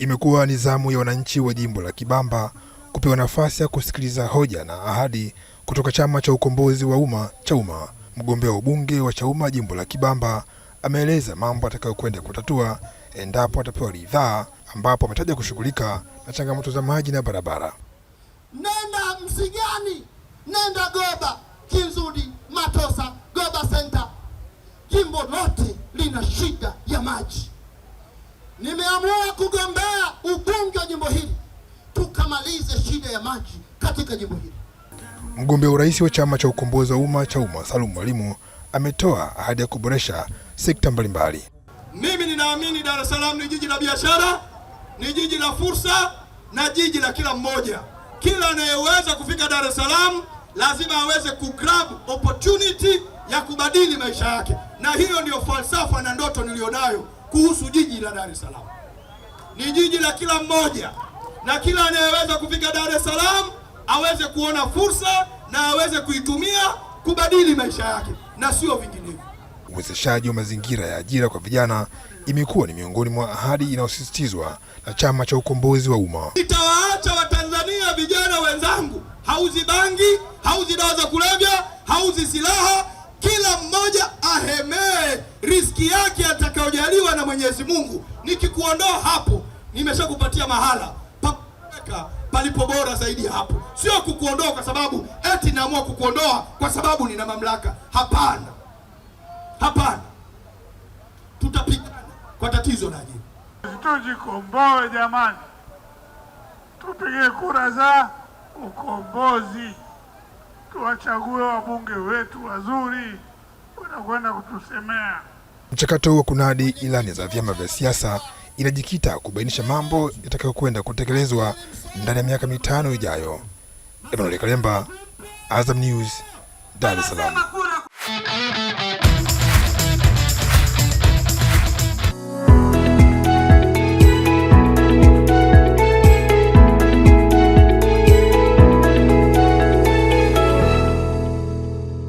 Imekuwa ni zamu ya wananchi wa jimbo la Kibamba kupewa nafasi ya kusikiliza hoja na ahadi kutoka chama cha ukombozi wa umma CHAUMMA. Mgombea wa ubunge wa CHAUMMA jimbo la Kibamba ameeleza mambo atakayokwenda kutatua endapo atapewa ridhaa, ambapo ametaja kushughulika na changamoto za maji na barabara. Nenda Msigani, nenda Goba, Kinzudi, Matosa, Goba Center, jimbo lote lina shida ya maji nimeamua kugombea ubunge wa jimbo hili, tukamalize shida ya maji katika jimbo hili. Mgombea urais wa chama cha ukombozi wa umma cha umma Salum Mwalimu ametoa ahadi ya kuboresha sekta mbalimbali. Mimi ninaamini Dar es Salaam ni jiji la biashara, ni jiji la fursa na jiji la kila mmoja. Kila anayeweza kufika Dar es Salaam lazima aweze grab opportunity ya kubadili maisha yake, na hiyo ndiyo falsafa na ndoto niliyonayo kuhusu jiji la Dar es Salaam. Ni jiji la kila mmoja, na kila anayeweza kufika Dar es Salaam aweze kuona fursa na aweze kuitumia kubadili maisha yake na sio vinginevyo. Uwezeshaji wa mazingira ya ajira kwa vijana imekuwa ni miongoni mwa ahadi inayosisitizwa na Chama cha Ukombozi wa Umma. Itawaacha Watanzania vijana wenzangu, hauzi bangi, hauzi dawa za kulevya, hauzi silaha, kila mmoja haki yake atakayojaliwa na Mwenyezi Mungu. Nikikuondoa hapo, nimeshakupatia mahala pa palipo bora zaidi hapo, sio kukuondoa kwa sababu eti naamua kukuondoa kwa sababu nina mamlaka. Hapana, hapana, tutapigana kwa tatizo naje. Tujikomboe jamani, tupige kura za ukombozi, tuwachague wabunge wetu wazuri wanakwenda kutusemea. Mchakato wa kunadi ilani za vyama vya siasa inajikita kubainisha mambo yatakayokwenda kutekelezwa ndani ya miaka mitano ijayo. Emmanuel Kalemba, Azam News, Dar es Salaam.